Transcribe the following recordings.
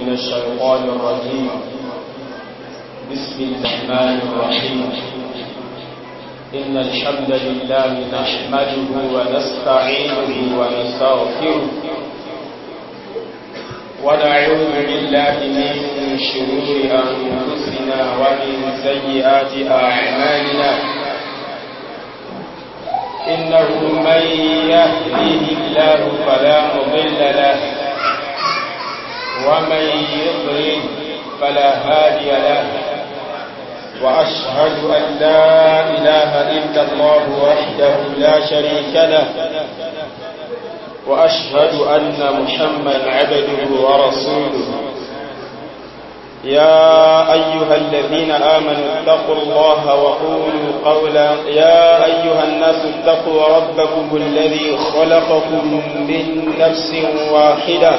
من الشيطان الرجيم بسم الرحمن الرحيم إن الحمد لله نحمده ونستعينه ونستغفره ونعوذ بالله من شرور أنفسنا ومن سيئات أعمالنا إنه من يهديه الله فلا مضل له ومن يضلل فلا هادي له وأشهد أن لا إله إلا الله وحده لا شريك له وأشهد أن محمد عبده ورسوله يا أيها الذين آمنوا اتقوا الله وقولوا قولا يا أيها الناس اتقوا ربكم الذي خلقكم من نفس واحدة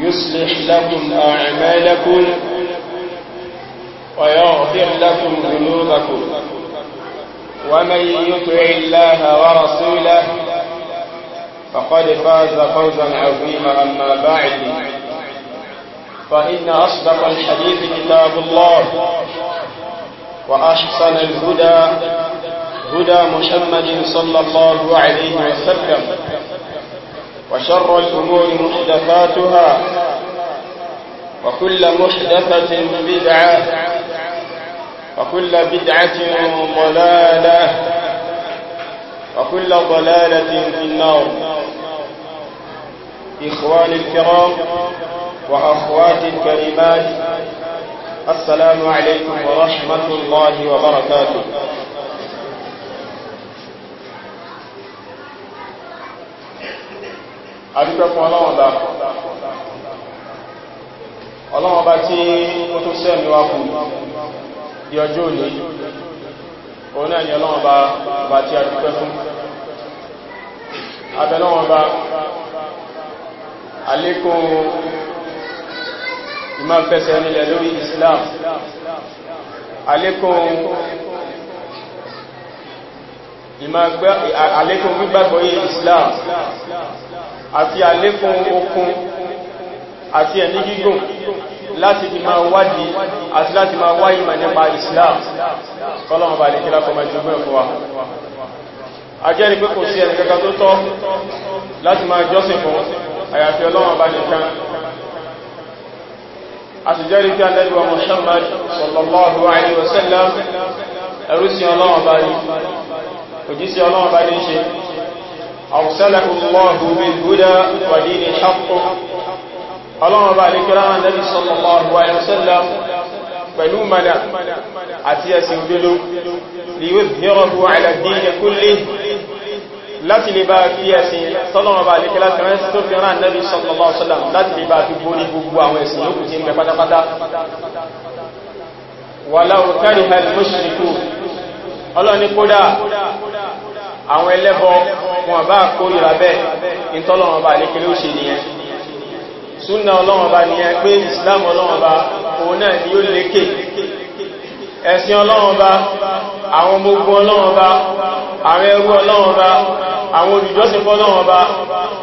يصلح لكم أعمالكم ويغفر لكم ذنوبكم ومن يطع الله ورسوله فقد فاز فوزا عظيما أما بعد فإن أصدق الحديث كتاب الله وأحسن الهدى هدى محمد صلى الله عليه وسلم وشر الأمور محدثاتها وكل محدثة بدعة وكل بدعة ضلالة وكل ضلالة في النار إخواني الكرام وأخواتي الكريمات السلام عليكم ورحمة الله وبركاته adúpẹ́ fún ọlọ́wọ̀nba ọlọ́wọ̀nba tí ó tó sẹ́mi wá kú di ọjọ́ òní òun náà ni ọlọ́wọ̀nba bá tí adúpẹ́ fún abẹ́lọ́wọ̀nba alékún ìmá fẹ́sẹ̀ nílẹ̀ lórí Islam alékún ìmá gbígbàgbọ́ yìí Islam àti àlékún okun àti ẹ̀mí gígùn láti fi máa wádìí àti láti máa wá ìmọ̀ nípa Islam kọ́lọ̀mọ̀ bá lè kí lákọmọ̀ jù mẹ́ fún wa ajẹ́rìí pé kò sí ẹni kankan tó tọ́ láti máa jọ́sìn fún àyàfi Ọlọ́run bá nìkan a sì jẹ́rìí pé Muhammad sallallahu alaihi wasallam ẹrú sí Ọlọ́run bá ní òjísí Ọlọ́run bá أرسله الله بالهدى ودين الحق اللهم بارك لنا النبي صلى الله عليه وسلم فلومنا أتي بلو ليظهره على الدين كله láti lè bá fi ẹ̀sìn tọ́lọ́run bá lékẹ́lá kẹrẹ́sì tó fi rán nẹ́bí sallallahu alaihi wasallam láti lè bá fi borí gbogbo àwọn ẹ̀sìn lókù tí ń bẹ pátápátá walau kariha al-mushrikun ọlọ́ni kódà àwọn ẹlẹ́bọ wọn bá kórìíra bẹ́ẹ̀ ìtọ́lọ́wọ́n bá lékelé ó ṣe nìyẹn súnà ọlọ́wọ́n bá nìyẹn pé ìsìlámù ọlọ́wọ́n bá òun náà ni ó lékè ẹ̀sìn ọlọ́wọ́n bá àwọn gbogbo ọlọ́wọ́n bá àwọn ẹrú ọlọ́wọ́n bá àwọn olùjọ́sìn fọ́lọ́wọ́n bá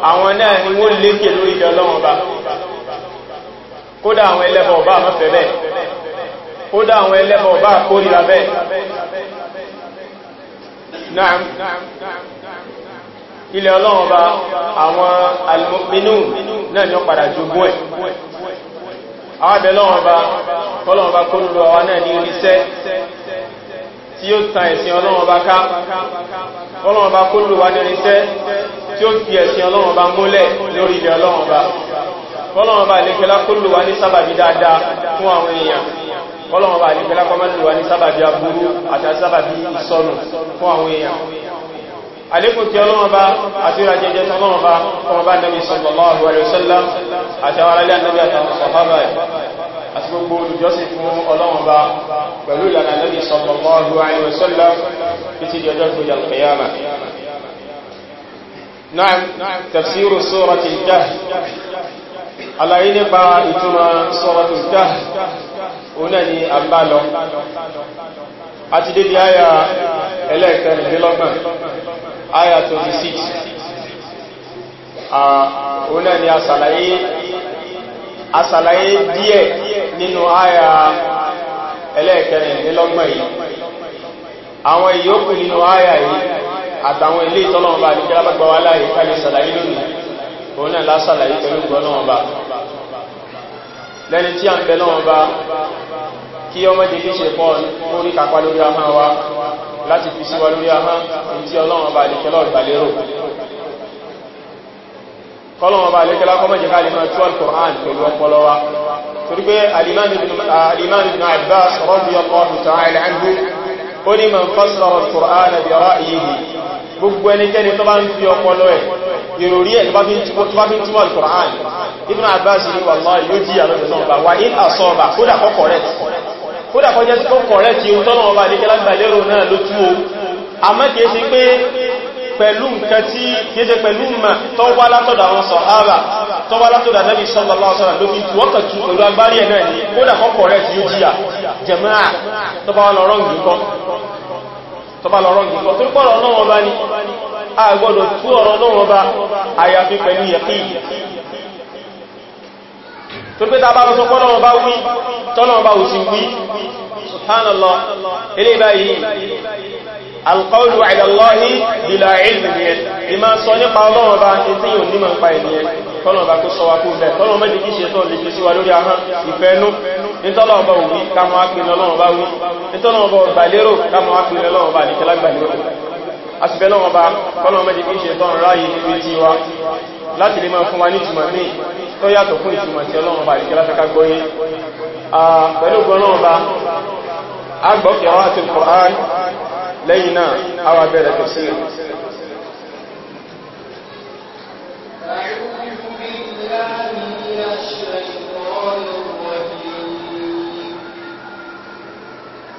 àwọn náà ni wọ́n lékè lórí ọlọ́wọ́n bá kódà àwọn ẹlẹ́bọ bá àmọ́fẹ́ bẹ́ẹ̀ kódà àwọn ẹlẹ́bọ bá kórìíra bẹ́ẹ̀ Naam ilẹ̀ ọlọ́run bá àwọn alìmọ̀mínú náà ni ó padà jogún ẹ̀ àwọn abẹ̀lọ́run bá ọlọ́run bá kónúlọ wa náà ní oríṣẹ́ tí ó ta ẹ̀sìn ọlọ́run bá ká ọlọ́run bá kónúlọ wa ní oríṣẹ́ tí ó fi ẹ̀sìn ọlọ́run bá múlẹ̀ lórí ilẹ̀ ọlọ́run bá ọlọ́run bá lè kẹ́lá kónúlọ wa ní sábàbí dáadáa fún àwọn èèyàn kọ́lọ̀wọ́ bá ní pẹ́lápọ́ mẹ́lú wa ní sábàbí aburú àti sábàbí ìsọnù fún àwọn èèyàn àlékún tí ọlọ́wọ́n bá àti ìrà jẹjẹ tọ́lọ́wọ́n bá ọmọ bá nẹ́bí sallallahu alaihi wasallam àti àwọn alẹ́ ànẹ́bí àtàwọn sọ̀hábà àti gbogbo olùjọ́sìn fún ọlọ́wọ́n bá pẹ̀lú ìlànà nẹ́bí نعم تفسير سورة الكهف على إنبا إتما سورة الكهف ọ̀nà ni a bá lọ a ti dé di àyà ẹlẹ́ẹ̀kẹrìndínlọ́gbọ̀n àyà 26 ọ̀nà ni a sàlàyé a díẹ̀ nínú àyà ẹlẹ́ẹ̀kẹrìndínlọ́gbọ̀n yìí àwọn ìyókù nínú àyà yìí àtàwọn ilé ìtọ́lọ́wọ́n ní kí lábàgbà wá sàlàyé lónìí lẹ́ni tí a ń bẹ̀lọ́ ọba kí ọmọ jẹ́ kí ṣe pọ́ lórí kàpá lórí ahá wa láti fi síwa lórí ahá tí ọlọ́run ọba àlékẹ́lọ́ ìgbàlérò kọlọ́run ọba àlékẹ́lá kọmọ jẹ́ ká lè máa tú al-Qur'an pẹ̀lú ọpọlọ Abbas radiyallahu ta'ala anhu ó ní man fassara al-Qur'ana bi gbogbo ẹnikẹ́ni tó bá ń fi ọpọlọ ẹ̀ ìròrí ẹ̀ tó bá fi ń túmọ̀ al-Qur'an Ibn Abbas ní wallahi yóò jí àlọ́dún náà bá wà ní àsọ́ọ̀bà kódà kọ́ correct kódà kọjẹ́ tí kó correct yíò tọ́nà ọba àdíkẹ́ lágbàlérò náà ló tú o àmọ́ kìí ṣe pé pẹ̀lú nǹkan tí kìí ṣe pẹ̀lú mà tó wá látọ̀dọ̀ àwọn sàhábà tó wá látọ̀dọ̀ Ànábì sallallahu alaihi wasallam ló fi wọ́kà tú pẹ̀lú agbárí ẹ̀ náà ní kódà kọ́ correct yóò jíyà jẹ̀máà tó bá wà lọ́rọ̀ nǹkan tọba lọ́rọ̀ gbogbo tó pọ̀rọ̀ ọlọ́wọ́ bá ní a gbọ́dọ̀ tú ọ̀rọ̀ ọlọ́wọ́ bá àyàfi pẹ̀lú yẹ̀kí tó pé ta bá rọ́ sọpọ̀ lọ́wọ́ bá wí tọ́lọ́wọ́ bá wù sí wí subhanallah ilé báyìí alkọ́lù àìlọ́lọ́hí ìlà ìlúmìyàn ìmá sọ nípa ọlọ́run bá ní pa ènìyàn bá kó sọ wa kó bẹ̀ kọ́lọ̀ méjì kí ṣetọ́ lè fi síwá lórí ahán ìfẹ́nú nítọ́lọ̀ ọba òwú ọba lẹ́yìn náà àwa bẹ̀rẹ̀ tafsir أعوذ بالله من الشيطان الرجيم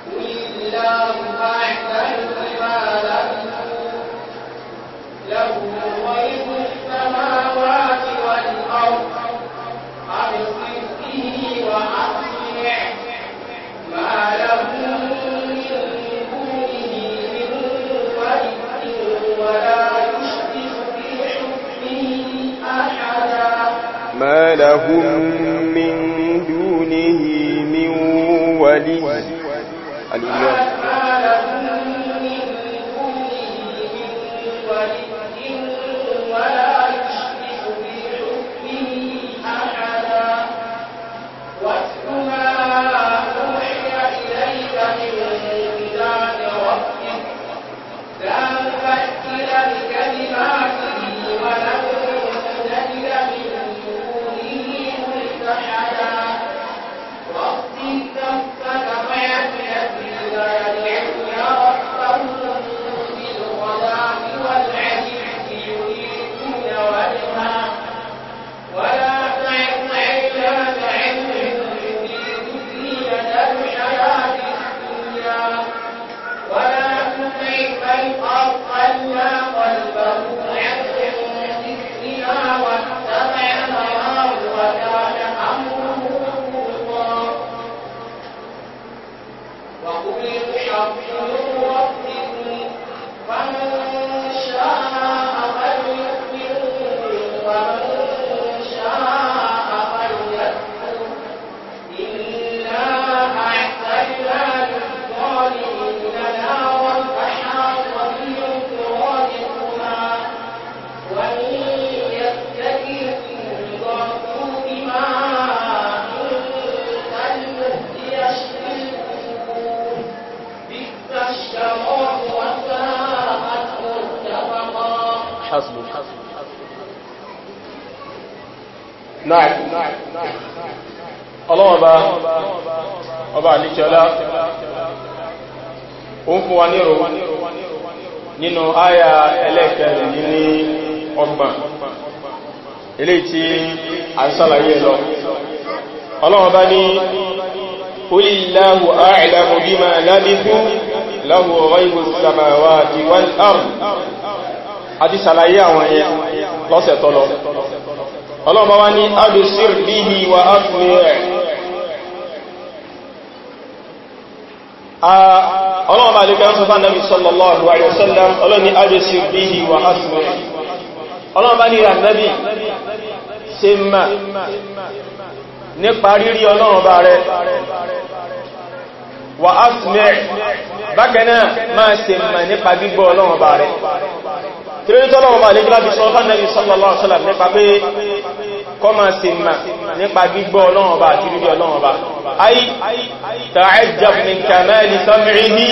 قل الله أعلم بما لكم له غيب السماوات والأرض أبصر به وأسمع ما لهم ما لهم من دونه من ولي الإمام الشراب وساءت مرتفقا ọba àlíkẹ́ọlá o ń fún wa nírò nínú àyà ẹlẹ́kẹ̀ẹ́rẹ̀ ní ní ọgbọ̀n ilé tí a ń sálàyé lọ ọlọ́wọ́ له غيب السماوات والأرض àti ṣàlàyé àwọn ẹ̀yẹ lọ́sẹ̀ tọ́lọ. ọlọ́mọ wá ní abisir bihi wa afúnirẹ̀ ọlọ́mọ bá lẹ́gbẹ̀ẹ́ sọ fán nàbí sallallahu alaihi wasallam ọlọ́ni abisir bihi wa afúnirẹ̀ ọlọ́mọ bá ní ìrànlẹ́bí se mma nípa rírí ọlọ́run bá rẹ̀ wà á sùmẹ́ bákanáà máa ṣe mọ̀ nípa gbígbọ́ ọlọ́run bá rẹ̀ tírínítọ́ ọlọ́run bá lè gbá bí sọ́fà nẹ́bí sallallahu alaihi wasallam nípa pé kọ́ máa ṣe mọ̀ nípa gbígbọ́ ọlọ́run bá àti rírí ọlọ́run bá ayi ta'ajjab min kamali sam'ihi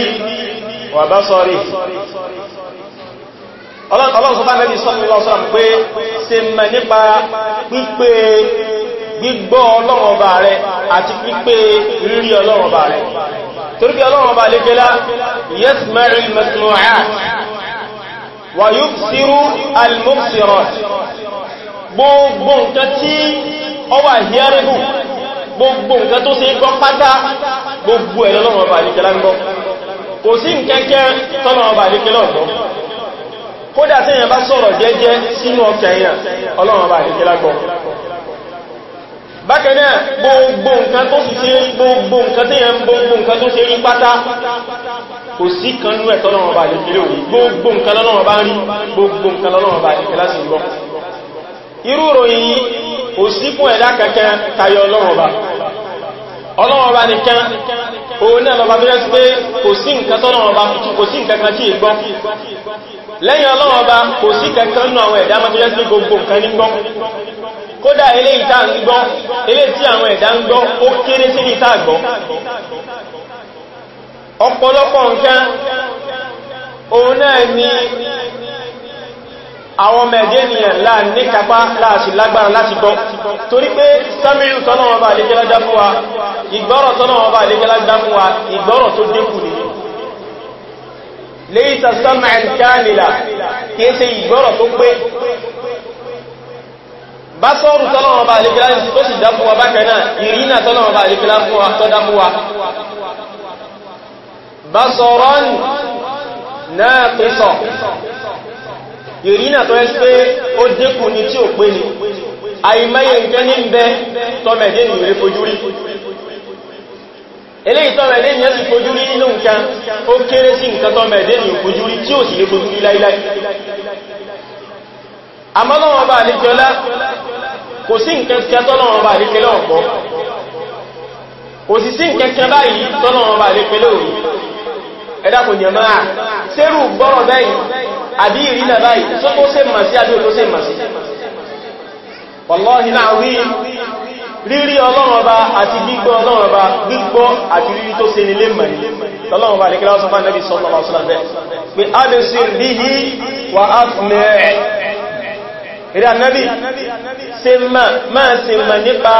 wa basarihi ọlọ́run sọ́fà nẹ́bí sallallahu alaihi wasallam pé ṣe mọ̀ nípa pípé gbígbọ́ ọlọ́run bá rẹ̀ àti pípé rírí ọlọ́run bá rẹ̀ torípé ọlọ́run ọba alékẹ́lá yasma'ul masmu'at wa yubsiru al-mubsirat gbogbo nǹkan tí ó wà hìyàrìbù gbogbo nǹkan tó ṣe gbọ́ pátá gbogbo ẹ̀ lọ́run ọba alékẹ́lá ń gbọ́ kò sí nkẹ́kẹ́ tọ́nà ọba alékẹ́lá ọ̀gbọ́ kódà bákanáà gbogbo nǹkan tó sì ṣe rí gbogbo nǹkan yẹn gbogbo nǹkan tó ṣe rí pátá kò sí kan ní ẹ̀tọ́ lọ́wọ́ bá yìí kéré òní gbogbo nǹkan lọ́wọ́ bá rí gbogbo nǹkan lọ́wọ́ bá yìí kẹlá sí lọ irú ròyìn kò sí fún ẹ̀dá tayọ lọ́wọ́ bá ọlọ́wọ́ bá nìkan òun náà lọ́wọ́ bẹ́rẹ̀ sí pé kò sí nǹkan bá kò sí nǹkan kan tí lẹ́yìn kódà ilé ìta ń gbọ́ ilé tí àwọn ẹ̀dá ń gbọ́ ó kéré sí ìta gbọ́ nǹkan òun náà ni àwọn mẹ̀dé ènìyàn láà ní kápá láàṣì lágbára láti gbọ́ torí pé samiru tọ́nà bá sọ́rù tọ́lọ́wọ́ bá àlèkìlá tó sì dá fún wa bákan náà ìrìnà tọ́lọ́wọ́ bá àlèkìlá fún wa tó dá fún wa bá sọ́rọ́ náà pèsọ̀ ìrìnà tó ẹ́ pé ó dékù ní tí ò pé ni àìmẹ́yẹ nǹkan ní bẹ tọ́mẹ̀dé ní ìrẹ́ fojú rí eléyìí tọ́mẹ̀dé ní ẹ́sì fojú rí nínú nǹkan ó kéré sí nǹkan tọ́mẹ̀dé ní fojú rí tí ò sì lè fojú rí àmọ́lọ́wọ́ bá àlejọ́lá kò sí nkẹ́kẹ́ tọ́lọ́wọ́n bá àríkẹ́lẹ́ ọ̀pọ̀ kò sí sí nkẹ́kẹ́ báyìí tọ́lọ́wọ́n bá àríkẹ́lẹ́ òní ẹ̀dàkùn jẹ̀mọ́ à sẹ́rù gbọ́rọ̀ báyìí àbí ìrìnà báyìí tó tó sẹ́ mà sí àbí ò tó sẹ́ mà sí wàlọ́hìn náà wí rírí ọlọ́run ọba àti gbígbọ́ ọlọ́run ọba gbígbọ́ àti rírí tó ṣe nílé mẹ́rin lọ́lọ́run ọba àríkẹ́lẹ́ ọ̀sán fún ànẹ́bí sọ́lọ́lọ́sọ́lọ́ bẹ́ẹ̀ pé a lè sí rí yí wà á fún mẹ́rẹ̀ eré annabi ṣe máa ṣe mọ̀ nípa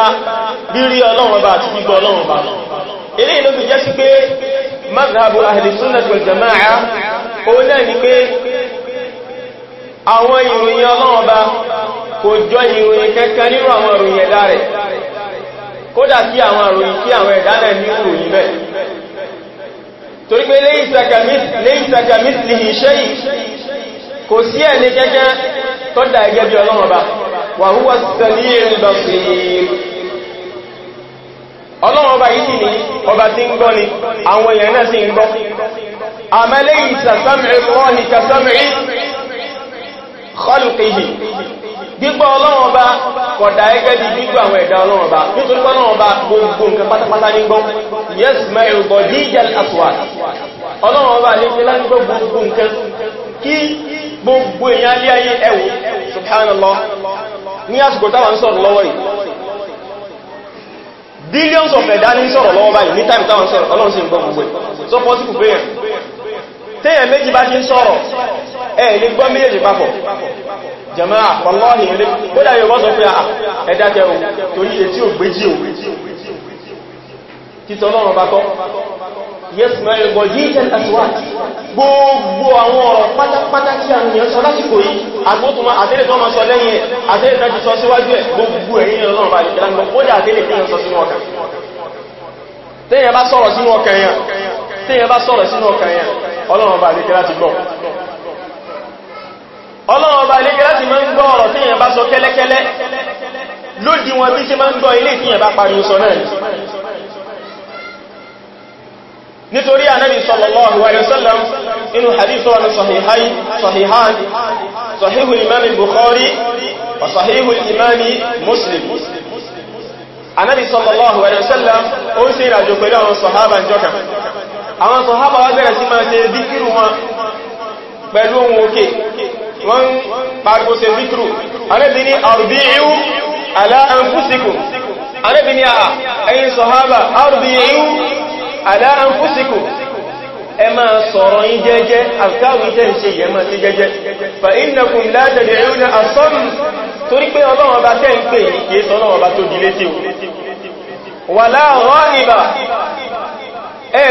rírí ọlọ́run bá àti gbígbọ́ ọlọ́run bá eré ìlú fi jẹ́ sí pé mazhabu ahli sunnah wal jama'a òun náà ni pé àwọn ìròyìn ọlọ́run bá kò jọ kò sí ẹni kẹ́kẹ́ tó dá ẹgẹ́ bí ọlọ́run ọba wa huwa as-sami'ul basir ọlọ́run ọba yìí ni ọba tí ń gbọ́ ni àwọn èèyàn náà sì ń gbọ́ ama laysa sam'u Allahi ka sam'i khalqihi gbígbọ́ ọlọ́run ọba kọ̀dá ẹgẹ́ di gbígbọ́ àwọn ẹ̀dá ọlọ́run nítorí pé ọlọ́run gbogbo nǹkan pátápátá ní gbọ́ yasma'u badijal aswat ọlọ́run ọba lè fi láti gbọ́ gbogbo nǹkan kí gbogbo èèyàn lé ayé ẹwù subhanallah ní àsìkò táwà ń sọ̀rọ̀ lọ́wọ́ yìí billions of ẹ̀dá ní sọ̀rọ̀ lọ́wọ́ báyìí ní time táwà ń sọ̀rọ̀ ọlọ́run sí gbọ́ gbogbo so possible prayer téèyàn méjì bá ti ń sọ̀rọ̀ ẹ̀ lè yẹ́sùmọ́ ẹgbọ̀ yìí tẹ́ tàṣíwá gbogbo àwọn ọ̀rọ̀ pátápátá tí a nìyàn sọ lásìkò yìí agbótùmọ́ àtẹ́lẹ̀ tó máa sọ lẹ́yìn ẹ̀ àtẹ́lẹ̀ tàbí sọ síwájú ẹ̀ gbogbo ẹ̀yìn ọlọ́run bá ìjẹ́lá lọ kódà àtẹ́lẹ̀ tí yàn sọ sínú ọkàn tẹ́yàn bá sọ̀rọ̀ sínú ọkàn yàn tẹ́yàn bá sọ̀rọ̀ sínú ọkàn yàn ọlọ́run bá ìjẹ́lá ti gbọ́ ọlọ́run bá ìjẹ́lá ti máa ń gbọ́ ọ̀rọ̀ tẹ́yàn bá sọ kẹ́lẹ́kẹ́lẹ́ lódì wọn bí ṣe máa ń gbọ́ ilé ìfihàn bá pariwo sọ náà nítorí ànábì sallallahu alayhi wa sallam inú hadithu wa sahihai sahihan sahihu imam bukhari wa sahihu imam muslim ànábì sallallahu alayhi wa sallam ó ń ṣe ìrìnàjò pẹ̀lú àwọn sahaba jọka àwọn sahaba wá bẹ̀rẹ̀ sí máa ṣe díkìrù wọn pẹ̀lú ohun òkè wọ́n pàgbó ṣe díkìrù ànábì ala anfusikum ẹ máa sọ̀rọ̀ yín jẹ́jẹ́ àtàwí tẹ́ ń yẹ máa ṣe jẹ́jẹ́ fa innakum la tad'una asam torí pé ọlọ́run ọba tẹ́ ń pè ní kìí sọ́lọ́run ọba tó di létí o wala ghaiba ẹ̀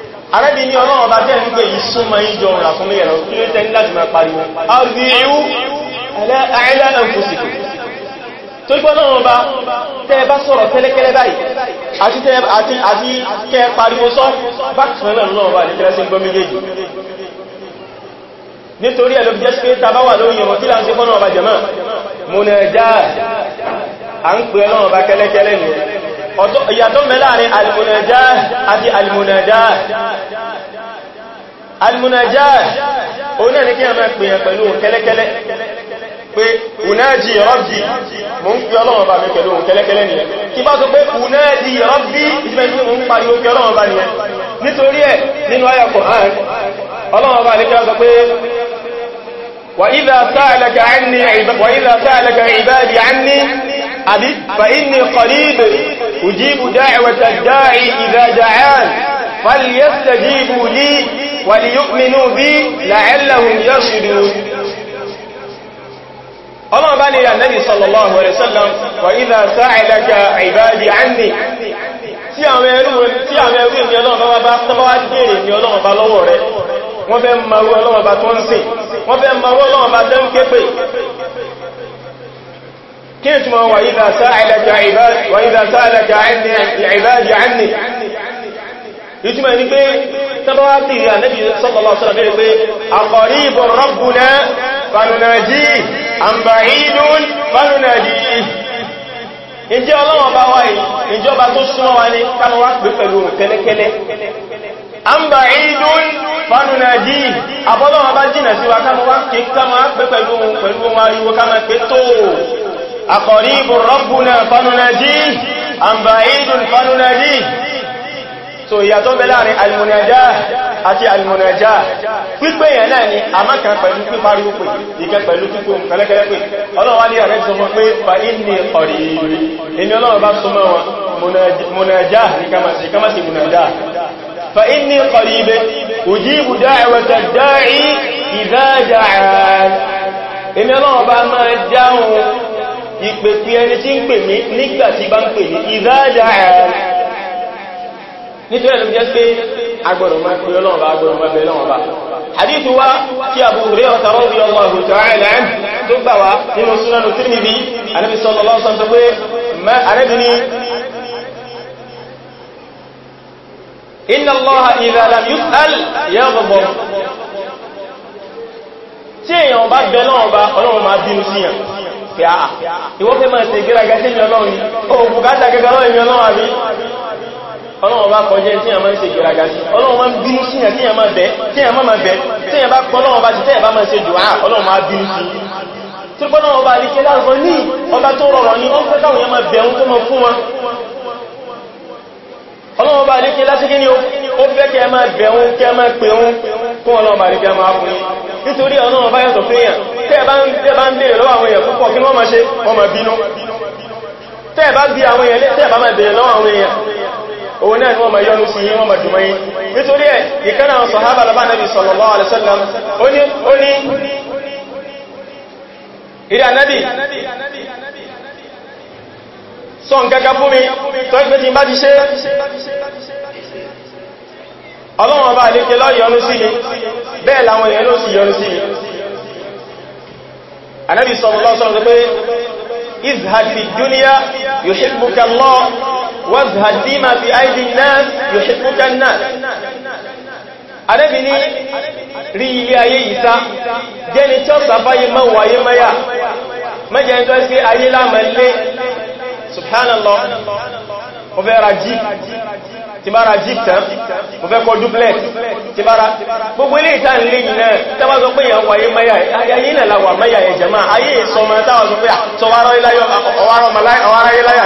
arẹ́bí ní ọlọ́run ọba jẹ́ nígbẹ̀ yìí súnmọ́ ìjọ ọ̀rọ̀ àfúnmí ẹ̀rọ kí ló tẹ́ níláti máa pariwo arìíwú àìlànà fòsìkò tó gbọ́ náà ọba tẹ́ bá sọ̀rọ̀ kẹ́lẹ́kẹ́lẹ́ báyìí àti kẹ́ pariwo sọ bákan náà náà wà ní kẹ́lẹ́sí gbọ́ méjèèjì nítorí ẹ̀lọ́ jẹ́ pé tàbá wà lórí ọmọ tí là ń ṣe fọ́nà ọba jẹ̀mọ́ mo nẹ̀ já à ń pè ọlọ́run ọba kẹ́lẹ́kẹ́lẹ́ nìyẹn ìyàtọ̀ mẹ́ láàrin alìmùnàjá àti alìmùnàjá alìmùnàjá òun náà ní kí a máa pèèyàn pẹ̀lú kẹ́lẹ́kẹ́lẹ́ pé unáàjì rọ́bì mò ń fi ọlọ́run bá mi pẹ̀lú kẹ́lẹ́kẹ́lẹ́ nìyẹn kí bá sọ pé unáàjì rọ́bì ìfẹ́ni mò ń pariwo kí ọlọ́run bá nìyẹn nítorí ẹ̀ nínú àyá Kùránì ọlọ́run bá ní وإذا سألك عني عبادي عني أبي فإني قريب أجيب دعوة الداعي إذا دعان فليستجيبوا لي وليؤمنوا بي لعلهم يرشدون ọlọ́run bá ní Ànábì sallallahu alaihi wasallam wa idha sa'alaka ibadi anni tí àwọn ẹrú tí àwọn ẹrú ní ọlọ́run bá tọ́bá wá jèrè ní ọlọ́run bá lọ́wọ́ rẹ̀ wọ́n fẹ́ كيف ما وإذا سألك عباد وإذا سألك عني عبادي عني يتما نيبي تبعتي يا نبي صلى الله عليه وسلم بي أقريب ربنا فنناجيه أم بعيد فنناديه ǹjẹ́ Ọlọ́run bá wáyé ìjọba tó súnmọ́ wa ní káwọn wá pè pẹ̀lú kẹ́lẹ́kẹ́lẹ́ an ba idun fanuna ji abọ́lọ́wọ́ bá jìnà sí wa káwọn wá pè pẹ̀lú wọn ariwo káwọn pè tóò أقريب ربنا فننجيه أم بعيد فننجيه so ìyàtọ̀ bẹ láàrin alìmọ̀nàjá àti alìmọ̀nàjá pípẹ́ yẹn náà ni a máa kan pẹ̀lú píparí ó pè ìkẹ́ pẹ̀lú pípò kẹlẹ́kẹlẹ́ pé ọlọ́wà ní ààrẹ sọmọ pé fa inni ọ̀rí inú ọlọ́wà bá súnmọ́ wọn mọ̀nàjá ìpè pí ẹni tí ń pè mí nígbà tí bá ń pè ní ìdájà ẹ̀rẹ́ nítorí ẹ̀lú jẹ́ pé agbọ̀rọ̀ máa pè ọlọ́run bá agbọ̀rọ̀ máa bẹ̀ lọ́wọ́ bá hadithu wa kí Abu Hurairah radiyallahu ta'ala anhu tó gbà wá nínú Sunan Tirmidhi Ànábì sallallahu tí èèyàn bá bẹ̀ ọlọ́run máa bínú síyàn pé àà ah, ìwọ́n fẹ́ máa ṣe ìgbéraga sí ìyọ́ lọ́rin ohun bùkátà gẹ́gẹ́ lọ́rin ìyọ́ lọ́wọ́ àbí ọlọ́run bá kọjẹ́ tí a máa ń ṣe ìgbéraga sí ọlọ́run máa ń bínú sí yàn tí a máa bẹ́ tí a máa bẹ́ tí a bá pọ́ ọlọ́run bá ti tẹ́ ẹ̀ bá máa ṣe jù áà ọlọ́run máa bínú sí tí pọ́nà ọba àríkẹ́ lárúkọ ní ọba tó rọrọ̀ ní ọ́n fẹ́ káwọn yẹn máa bẹ̀rún tó máa fún wọn ọlọ́wọ́ bá lékí lásìkí ní ó fẹ́ kẹ máa bẹ̀rún kẹ máa pẹ̀rún kún ọlọ́wọ́ bá lékí máa fún yí nítorí ọlọ́wọ́ bá yàtọ̀ fún èèyàn tẹ́ bá ń bèèrè lọ́wọ́ àwọn èèyàn púpọ̀ kí wọ́n máa ṣe wọ́n máa bínú tẹ́ bá bí àwọn èèyàn tẹ́ bá máa bèèrè lọ́wọ́ àwọn èèyàn òun náà ni wọ́n máa yọ́nú sí yí wọ́n máa dùn mọ́yí nítorí ẹ̀ ìkánà àwọn sọ̀hábà lọ́bá nàbì sallallahu alaihi wasallam ó ní ìrìn ànábì sọ nǹkankan fún mi tó ń pẹ́ tí bá ti ṣe ọlọ́run ọba àlékẹ́ lọ yọ́nú sí mi bẹ́ẹ̀ làwọn èèyàn ló sì yọ́nú sí mi anábì sallallahu alaihi wasallam pé izhad fi dunya yuhibbuka Allah wazhad fima fi aidi an-nas yuhibbuka an-nas anábì ní rí ilé ayé ìta jẹ́ni tí ó sàfáyé mọ́wàáyé mẹ́yà mẹ́jẹ́ ń sí ayé lámẹ́lé subhanallah mo fẹ́ ra jeep tí bá ra jeep tán mo fẹ́ kọ́ duplex tí bá ra gbogbo ilé ìta ń lè yìí náà tàbá sọ pé ìyàwó ayé mẹ́yà ayé náà mẹ́yà ẹ̀jẹ̀ máa ayé ìsọmọ táwà sọ pé àtọwárọ́ ayé láyà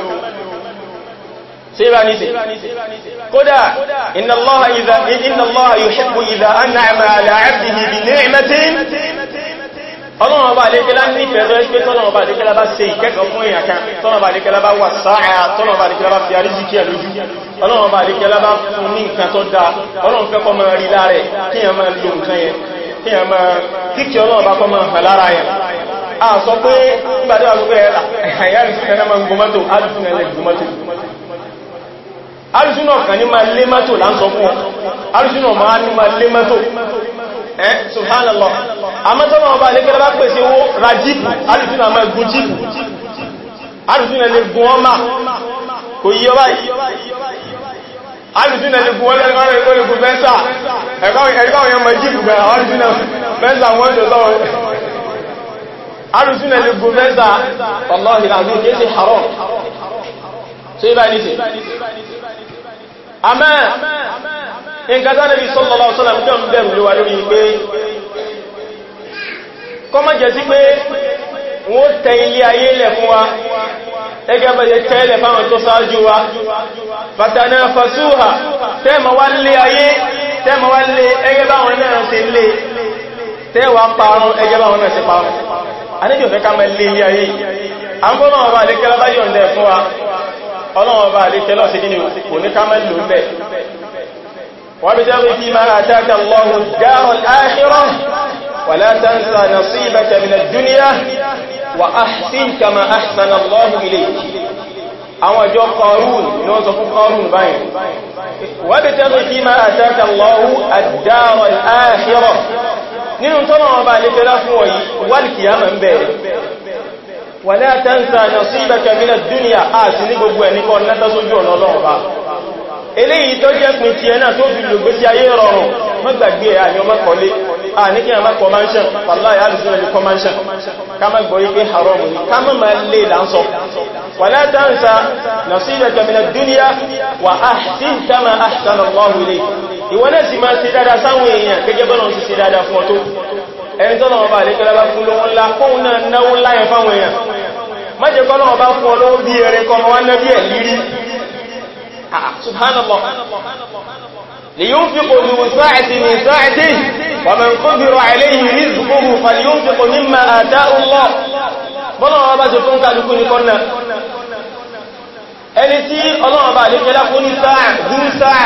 سيبا نسي قدا إن الله, إذا إن الله يحب إذا أنعم على عبده بنعمة ọlọ́run ọba àdékẹ́lá ní ìfẹ́ẹ̀dọ́ ẹgbẹ́ tọ́lọ́run ọba àdékẹ́lá bá ṣe ìkẹ́kọ̀ọ́ fún èèyàn kan tọ́lọ́run ọba àdékẹ́lá bá wà sáà tọ́lọ́run ọba àdékẹ́lá bá fi àríjíkí ẹ̀ lójú ọlọ́run ọba àdékẹ́lá bá fún ní nǹkan tó dáa ọlọ́run fẹ́kọ́ alùsùnà kan ní máa lé mẹ́tò láńsọ fún alùsùnà máa ní máa lé mẹ́tò ẹ́ subhanallah amẹ́tọ́nà ọba alẹ́gẹ́lẹ́ bá pèsè owó ra jípù alùsùnà máa gún jípù alùsùnà lè gún ọmà kò yí ọba yìí alùsùnà lè gún ọlẹ́gún fẹ́ńsà ẹ̀kọ́wọ̀n yẹn mọ̀ jípù gbẹ̀rẹ̀ alùsùnà fẹ́ńsà wọ́n jọ lọ́wọ́ alùsùnà lè gún fẹ́ńsà ọlọ́ọ̀lẹ́ àmẹ́ nǹkan tó Ànábì sallallahu alaihi wasallam tó ń bẹ̀rù lówà lórí pé kọ́ mọ́ jẹ́ sí pé wọ́n tẹ ilé ayé lẹ̀ fún wa ẹgẹ́ bẹ̀rẹ̀ tẹ́lẹ̀ fáwọn tó sáájú wa fàtànà fàṣúhà tẹ́mà wá lé ayé tẹ́mà wá lé ẹgẹ́ báwọn náà ṣe lé tẹ́wàá parun ẹgẹ́ báwọn náà ṣe parun àníjò fẹ́ ká mẹ́ lé ilé ayé ọlọ́wọ́ bá lè kẹlọ́ sí gínú kò ní ká mẹ́lú ń bẹ̀. wọ́n bí jẹ́rù fi máa àtàkà lọ́wọ́ dáhùn áhírọ́ wà látàntà na sí ìbẹ̀kẹ̀ mi na dúníyà wà nínú tọ́nà ọba lè fún wọ̀nyí wálìkìyàmọ̀ ń bẹ̀rẹ̀ ولا تنسى نصيبك من الدنيا àti ní gbogbo ẹni kọ́ nẹ́tọ́ sójú ọ̀nà ọlọ́run bá eléyìí tó jẹ́ pín tí ẹ̀nà tó fi lògbé sí ayé rọrùn mọ́gbàgbé àyàn mọ́kànlé à ní kí a má kọmánṣán wàláyé alùsùn ẹni kọmánṣán ká má gbọ́ ipé haram ní ká má má lè láńsọ wala tansa nasibaka min ad-dunya wa ahsin kama ahsana Allahu ilayk ìwọ náà tọ́nà ọba àlékẹ́lá fún lówó ńlá kóhun náà náwó láyẹn fáwọn èèyàn má jẹ́ kọ́ lọ́wọ́ bá fún ọ lọ́wọ́ bí ẹrẹ kọ́ wọn náà bí ẹ̀ lírí ah, subhanallah لينفق ذو ساعة من ساعته ومن قدر عليه رزقه فلينفق مما آتاه الله bọ́lọ́wọ́ bá ṣe fún kàdùkú ní kọ́nà ẹni tí ọlọ́wọ́ bá lè kẹ́lá fún ní sáà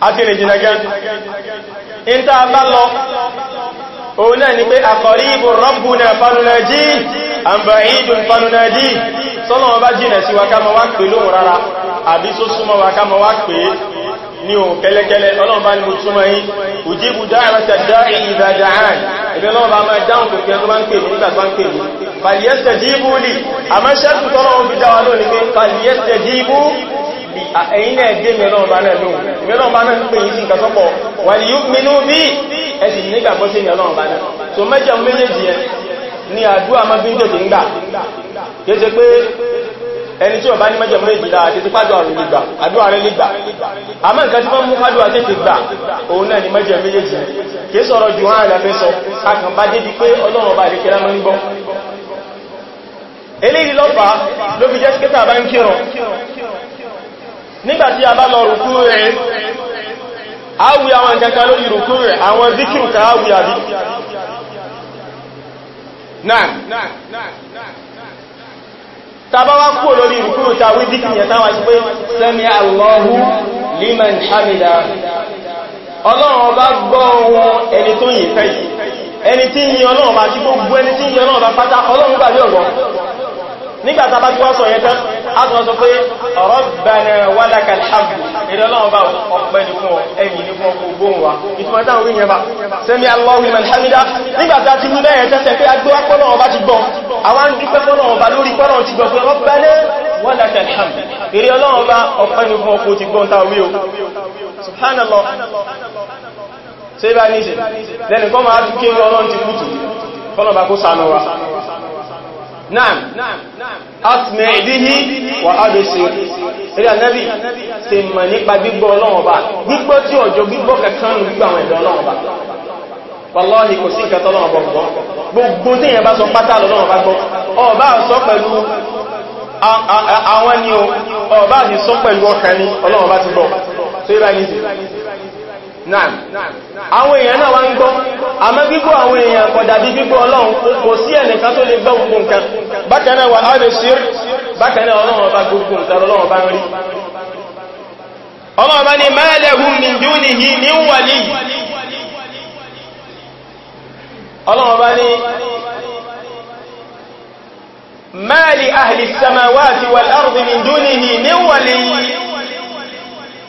àti ìrìnjìnà gẹ́ in ta bá lọ òun náà ni pé àkọ̀ríbù rabbuna fanunaji àmbàyídùn fanunaji sọ́lọ́wọ́ bá jìnà sí wakámọ́wá pè lóhùn rárá àbí só súnmọ́ wakámọ́wá pè ní ohun kẹlẹkẹlẹ ọlọ́ọ̀bá ni mo túnmọ̀ yí òjíbù dáàrẹ́ta dáàrí ìdájá àárín ẹgbẹ́ lọ́ọ̀bá máa dáhùn pẹ̀pẹ̀ tó bá ń pè mí nígbà tó bá ń pè mí fàlìyẹ́sẹ̀ jíìbù lì àmọ́ ṣẹ́kù tọ́lọ́run fi dáwà lónìí pé fàlìyẹ́sẹ̀ jíìbù ẹ̀yìn náà dé mẹ́lọ́ọ̀bá náà lóhun mẹ́lọ́ọ̀bá náà ń pè yí sí nǹkan sọ́pọ̀ wà ní yúkminú bí ẹ̀sì nígbàgbọ́ sí ìyànlọ́ọ̀bá náà so mẹ́jọ méjèèjì ẹ ni àdúrà mọ́bí ń tètè ń gbà kéèṣe pé ẹni tí ó bá ní mẹ́jẹ̀mú méjì lára títí pàdùwà rẹ̀ lè gbà rẹ̀ lè àmọ́ nǹkan tí wọ́n mú pàdùwà tètè gbà òun náà ni mẹ́jẹ̀mú méjèèjì kìí sọ̀rọ̀ jù hàn àlàfẹ́ sọ akàn bá pé ọlọ́run ọba àdékẹ́lá mọ́ ń gbọ́ eléyìí tàbá wá kúrò lórí ìrùkúrò ta wídíkì yẹn táwà sí pé sẹ́mi Allahu liman hamida ọlọ́run ọba gbọ́ ohun ẹni tó yìn fẹ́ yìí ẹni tí yìn ọlọ́run bá tí gbogbo ẹni tí yìn ọlọ́run bá pátá ọlọ́run gbàgbé ọ̀gbọ́n nígbà tá a bá ti wá sọ yẹn tán a tún wọ́n sọ pé rabbana walakal hamd ìrọlọ́wọ́ bá ọpẹ́ ní fún bá sami Allahu liman hamida nígbà tá a ti múlẹ̀ yẹn tẹ́tẹ́ pé agbó pọ́nà ọba ti gbọ́ àwọn dúpẹ́ pọ́nà ọba lórí pọ́nà ti gbọ́ pé rabbana walakal hamd ìrọlọ́wọ́ bá ọpẹ́ ní fún ọkọ̀ ti gbọ́n táwọn wí o ṣe bá máa fi kí ọlọ́run ti kútù kọ́nà bá kó sànú wa náà asmẹ̀ ìdíhí wà ádùsí rí ànábì ti mọ̀ nípa gbígbọ́ ọlọ́wọ̀ba gbígbọ́ tí ọjọ́ gbígbọ́ kẹkànnù gbígbà àwọn ẹ̀dọ́ ọlọ́wọ̀ba wàláhì kò sí ìkẹta ọlọ́wọ̀bọ̀ gbọ́ gbogbo tí ìyẹn bá sọ pátá lọ́wọ́ba gbọ́ ọba sọ pẹ̀lú àwọn ni ọba sì sọ pẹ̀lú ọkàn ni ọlọ́wọ̀ba ti gbọ́ tó yẹ báyìí àwọn èèyàn náà wá ń gbọ́ àmọ́ gbígbọ́ àwọn èèyàn kọ̀dàbí gbígbọ́ ọlọ́run kò sí tó lè gbọ́ gbogbo ọba gbogbo nǹkan ọlọ́run bá ń rí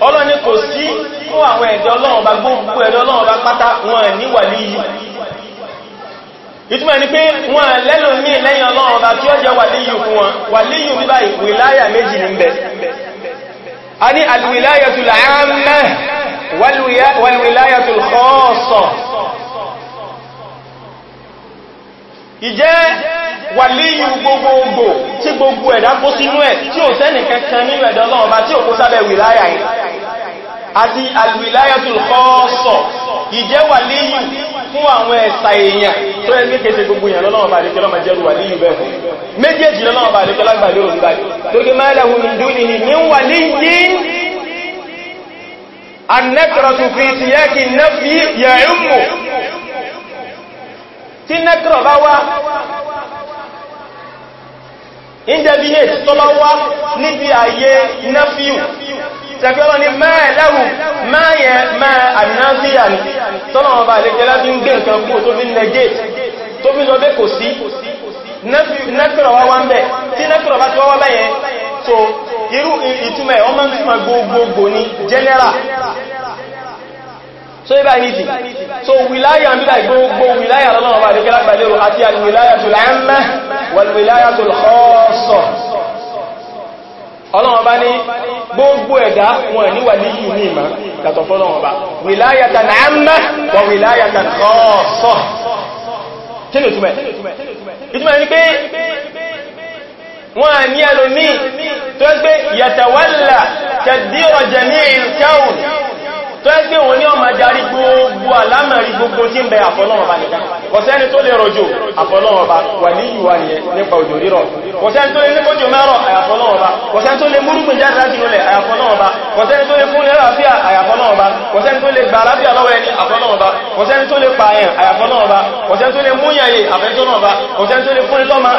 ọlọ́ni kò sí fún àwọn ẹ̀dọ́ ọlọ́run bá gbogbo ẹ̀dọ́ ọlọ́run bá pátá wọn ní wàlí yìí ìtumọ̀ ní pé wọn lẹ́lò mí lẹ́yìn ọlọ́run bá tí ó jẹ́ wàlí yìí fún wọn wàlí yìí bíbá ìwìláyà méjì ní bẹ̀ a ní alwilayatul aamma walwilayatul khassa ìjẹ́ wàlíyù gbogbogbò tí gbogbo ẹ̀dá kó sínú ẹ̀ tí ò sẹ́nì kankan nínú ẹ̀dọ́ ọlọ́run bá tí ò kó sábẹ̀ wìláyà yìí àti alwilayatul khassa ìjẹ́ wà líyù fún àwọn ẹ̀sà èèyàn tó ẹ ní kéèsè gbogbo èèyàn lọ́nà ọba àríkẹ́lọ́ ma jẹ́rù wà líyù bẹ́ẹ̀ fún méjèèjì lọ́nà ọba àríkẹ́lọ́ gbà lérò ń báyìí tó gí máa lẹ́hùn ní dúnì ní wà líyì anẹ́kọ̀rọ̀tù fi ti tẹ́kí ọlọ́ ni máa lẹ́wù máa yẹ máa àdínáfíà ni tọ́nà ọba àlejẹ́ láti ń gbé nǹkan kú tó fi nẹgẹ́ tó fi sọ pé kò sí nẹ́kìrọ̀ wá wá ń bẹ̀ tí nẹ́kìrọ̀ bá ti wá wá bẹ́yẹn so irú ìtumẹ̀ ọmọ ìtumẹ̀ gbogbogbò ni general so ibá ní ti so wìláyà ń bílá gbogbo wìláyà lọ́nà ọba àlejẹ́ lágbàlérò àti al-wilayatul amma wal-wilayatul khassa ọlọ́wọ́n bá ní gbogbo ẹ̀dá wọn ní wà níyù ní ìmá yàtọ̀ fọ́lọ́wọ́n bá wìláyàtà nàámà wà wìláyàtà kọ́ọ̀sọ́ kí ni ìtumẹ̀ ìtumẹ̀ ní pé wọ́n ní ẹlòmí tó ń pé yàtàwálà tàbí ọ̀jẹ̀ ní ìrìnkáwùn tó ẹ́ pé òun ní ọmọ jarí gbogbo alámẹ̀rí gbogbo tí ń bẹ àfọlọ́ọ̀bá nìkan kọ̀sẹ́ni tó lè rọ̀jò àfọlọ́ọ̀bá wà ní ìwà nìyẹn nípa òjò rírọ̀ kọ̀sẹ́ni tó lè nípòjò mẹ́rọ̀ àyàfọlọ́ọ̀bá kọ̀sẹ́ni tó lè múrùgbìn jáde láti inú lẹ̀ àyàfọlọ́ọ̀bá kọ̀sẹ́ni tó lè fún lẹ́ràáfíà àyàfọlọ́ọ̀bá kọ̀sẹ́ni tó lè gba aláfíà lọ́wọ́ ẹni àfọlọ́ọ̀bá kọ̀sẹ́ni tó lè pa àyàn àyàfọlọ́ọ̀bá kọ̀sẹ́ni tó lè múyàyè àfẹ́tọ́nọ̀bá kọ̀sẹ́ni tó lè fún ilọ́mà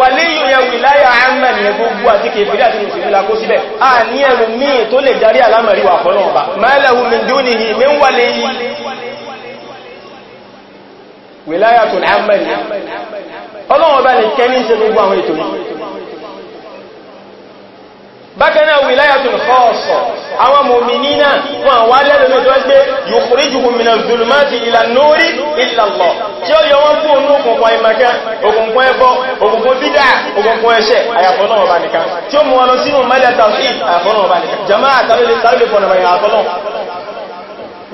wà léyìn yẹ wìláyà àmàlì gbogbo àti kèfèrí àti mùsùlùmí la dúnihi min waliyi wilayatun amman ọlọ́wọ́ bá lè kẹ́ ní ṣe gbogbo àwọn ètò bákanáà wilayatun khassa àwọn mu'minina wọn wà lẹ́lẹ́lẹ́ tó gbé yukhrijuhum minaz zulumati ila nuri illa Allah tí ó yọ wọ́n fún òun òkùnkùn àìmàkà òkùnkùn ẹbọ òkùnkùn bídà òkùnkùn ẹ̀ṣẹ̀ àyàfọ́nà ọba nìkan tí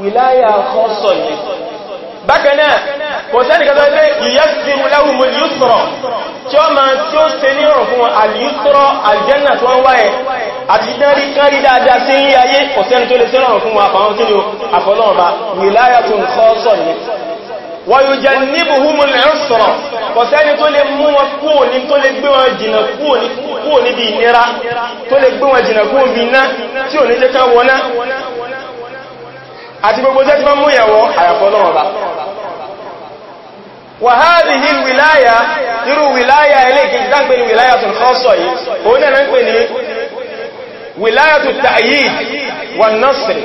wìláyà kọ́sọ̀ yìí bákanáà kò sẹ́ni kẹta pé ìyẹ́sìrù láwùmù yúsùrọ̀ tí ó máa tí ó se ní ọ̀rọ̀ fún àlìyúsùrọ̀ àlìjẹ́nà tó ń wáyẹ̀ àti dárí kárí dáadáa sí ní ayé kò sẹ́ni tó lè sí ọ̀rọ̀ fún àfàwọn kí ni ó àfọlọ́ọ̀bá wìláyà tó ń kọ́sọ̀ yìí wọ́yù jẹ́ níbùhúmùn ẹ̀rùsọ̀rọ̀ kò sẹ́ni tó lè mú wọn kúò ní tó lè gbé wọn jìnà kúò níbi ìnira tó lè gbé wọn jìnà kúò bí iná tí ò ní jẹ́ ká wọná àti gbogbo jẹ́ tí wọ́n mú ìyàwó àyàfọ́ náà bá wàhádìí wìláyà irú wìláyà eléèkì dágbé ni wìláyà tó kọ́ sọ yìí òun náà ń pè ní wìláyà tó tààyí wà nọ́sìn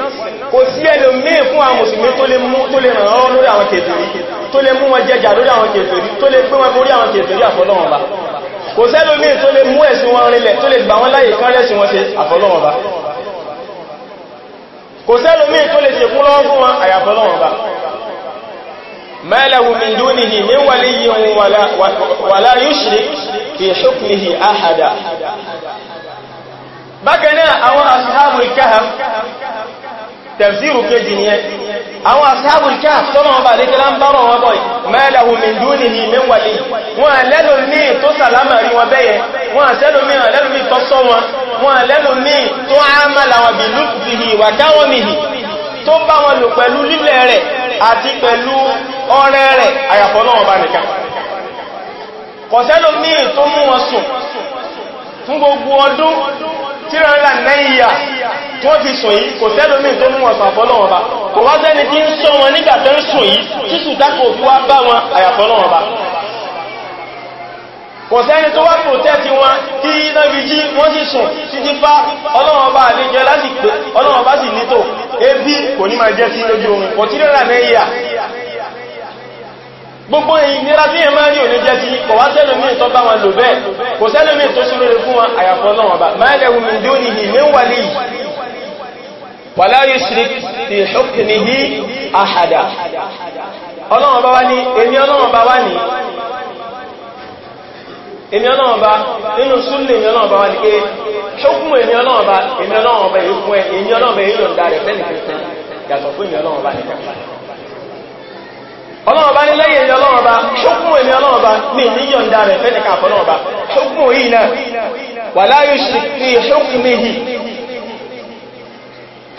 kò sí ẹlò míì fún àwọn mùsùlùmí tó lè mú tó lè ràn án lórí àwọn kèfèrí tó lè wọn rinlẹ̀ tó lè gbà wọn láyè kán rẹ̀sìn wọn ṣe àfọlọ́wọ́n kò sẹ́lòmí tó lè ṣe fún lọ́wọ́ fún wọn àyàfọ́lọ́wọ́ bá mẹ́lẹ̀hù min dúnihì ní wàlé yíò wàlá yushrik fi hukmihi ahada bákanáà àwọn ashabul kahf tafsiru kejì ni àwọn asáàbùl káàf tọ́lọ́wọ́ bá lè kílá ń bára wọn bọ́ì mẹ́lẹ̀hù ni dúnìhì min wàlì wọn lẹ́nu ní tó sàlámà rí wọn bẹ́yẹ wọn lẹ́nu ní lẹ́nu ní tó sọ wọn wọn lẹ́nu ní tó ámàlà wọn bí lùfìhì wà káwọmìhì tó bá wọn lò pẹ̀lú lílẹ̀ rẹ̀ àti pẹ̀lú ọrẹ rẹ̀ àyàfọ́lọ́wọ́ bá nìkan kọ̀sẹ́lómí tó mú wọn sùn fún gbogbo ọdún tíra lẹ́yìyà tí wọ́n fi sùn yìí kò sẹ́lómi tó mú wọn sàfọ́nà ọba kò wá sẹ́ni tí ń sọ wọn nígbà tó ń sùn yìí tútù tákò fi wá bá wọn àyàfọ́nà ọba kò sẹ́ni tó wá protect wọn tí lọ́bi jí wọ́n sì sùn títí bá ọlọ́wọ́n bá àlejò lásìkò ọlọ́wọ́n bá sì nítò ebi kò ní máa jẹ́ sí lójú oorun kò tíra lẹ́yìyà gbogbo ìnira tí ẹmà rí òní jẹ́ sí kò wá sẹ́lùmí tó bá wọn lò bẹ́ẹ̀ kò sẹ́lùmí tó sí lórí fún wọn àyàfọ́ náà bá mẹ́lẹ̀wù mi dó ní ìní wàlí wàlá yushrik fi hukmihi ahada ọlọ́wọ́n bá wá ní èmi ọlọ́wọ́n bá wá ní èmi ọlọ́wọ́n bá nínú súnlẹ̀ èmi ọlọ́wọ́n bá wá ní pé ṣókùnmù èmi ọlọ́wọ́n bá èmi ọlọ́wọ́n bá èyí fún ẹ èmi ọlọ́wọ́n bá èyí yọ̀ǹda rẹ̀ fẹ́lẹ̀ fẹ́lẹ̀ yàtọ̀ fún èmi ọlọ́wọ́n nìkan ọlọ́ọ̀bá ní lẹ́yìn ilẹ̀ ọlọ́ọ̀bá ṣókùn èmì ọlọ́ọ̀bá ní níyọ̀ndà rẹ̀ fẹ́ nìkan àfọ́lọ́ọ̀bá ṣókùn yìí náà wà láyé ṣìkí ṣókùnmíhì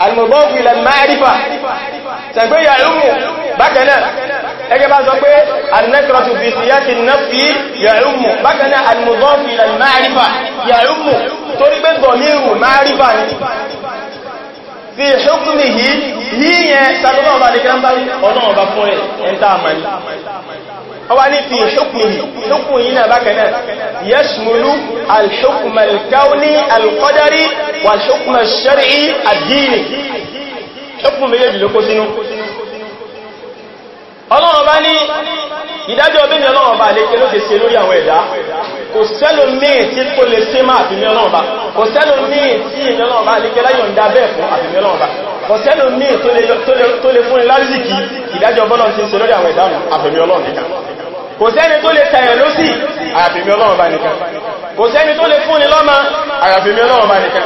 alìmọ̀bọ́ọ̀fù ilẹ̀ máàrífà tẹ̀gbé yàrùmù bákanáà ẹgẹ́ bá sọ pé alìmẹ́kọ̀ọ́tù fi ṣókùnlì yìí yíyẹn sàgbọ́n ọba lè kẹ́lá báyìí ọlọ́run ọba fún ẹ̀ ẹ̀ntà àmàlì ọwá ní fi ṣókùnlì ṣókùn yìí náà bákẹ̀ẹ́ yẹ́ṣmùlú alṣókùnmọ̀lkáwní alkọ́dárí wà ṣókùnmọ̀ ṣẹ́rì àdínì ṣókùn méjèèjì ló kó sínú ọlọ́run bá ní ìdájọ́ ọbí ni ọlọ́run bá léke ló ṣe ṣe lórí àwọn ẹ̀dá kò sẹ́lò míì tí kò lè ṣe máa fi ní ọlọ́run bá kò sẹ́lò míì tí ìní ọlọ́run bá léke láyọ̀ ń dá bẹ́ẹ̀ fún àfi ní ọlọ́run bá kò sẹ́lò míì tó lè fún ìlàrísìkì ìdájọ́ ọbọ́lọ́run ti ṣe lórí àwọn ẹ̀dá àfẹ̀mí ọlọ́run nìkan kò sẹ́ni tó lè tẹ̀yẹ̀ lósì àyàfẹ̀mí ọlọ́run bá nìkan kò sẹ́ni tó lè fún ni lọ́mọ àyàfẹ̀mí ọlọ́run bá nìkan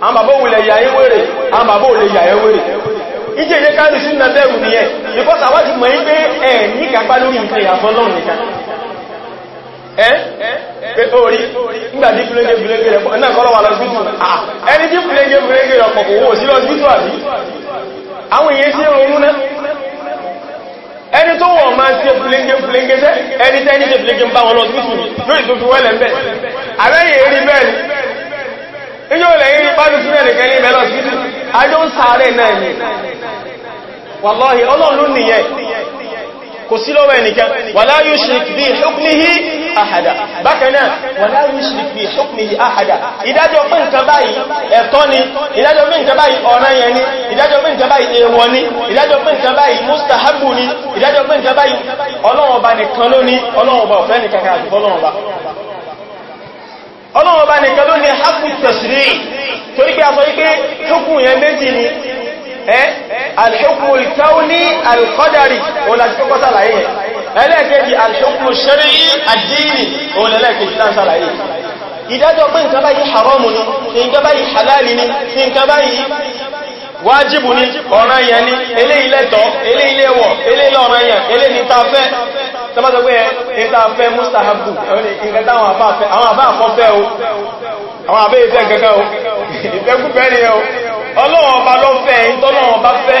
àwọn bàbá òun lè yà ẹ́ wèrè àwọn bàbá yà ẹ́ wèrè ìjẹ́ ìjẹ́ káàlù sí ìrìnà bẹ̀rù ni ẹ̀ because àwọn mọ̀ ní pé orí nígbàtí fúlẹ́gẹ́ fúlẹ́gẹ́ rẹ̀ náà ẹni tó wọ̀ máa ṣe fúlẹ́gẹ́ fúlẹ́gẹ́ sẹ́ ẹni tẹ́ ní ṣe níjọ́ ilẹ̀ yìí pàdù sínú ẹ̀nìkan ní mẹ́lọ sí ajọ́ ń sàárẹ̀ náà ni wàláhì ọlọ́run nìyẹn kò sí lọ́wọ́ ẹnìkan wàlá yushrik bí hukmihi ahada bákanáà wàlá yushrik bí hukmihi ahada ìdájọ́ pín nǹkan báyìí ẹ̀tọ́ ni ìdájọ́ pín nǹkan báyìí ọ̀ranyàn ni ìdájọ́ pín nǹkan báyìí èèwọ̀ ni ìdájọ́ pín nǹkan báyìí mustahabu ni ìdájọ́ pín nǹkan báyìí ọlọ́run ọba nìkan ló ní ọlọ́run ọba ọ̀fẹ́ nìkan kan àti ọlọ́run ọba ọlọ́wọ́ bá nìkan ló ní hakù tẹ̀sìrí torí pé a sọ wípé hukun yẹn méjì ni alhukun kauni alkọ́dari olàtíkọ́kọ́ sàlàyé yẹn ẹlẹ́ẹ̀kejì alhukun ṣẹ́rí àdínì olẹ́lẹ́kejì wájìbù ní ọ̀ràn yẹn ní elé ilẹ́tọ̀ elé ilẹ́wọ̀ elé lọ́ràn yẹn elé ní ta fẹ́ tọ́bátọ̀ ẹ ta fẹ́ mustahabu ìrẹ́ táwọn àbáfẹ́ àwọn àbáfẹ́ o àwọn àbẹ́ ìfẹ́ gẹ́gẹ́ o ìfẹ́kúfẹ́ ni ẹ o ọlọ́wọ̀n ọba lọ fẹ́ ìtọ́lọ́wọ̀n ọba fẹ́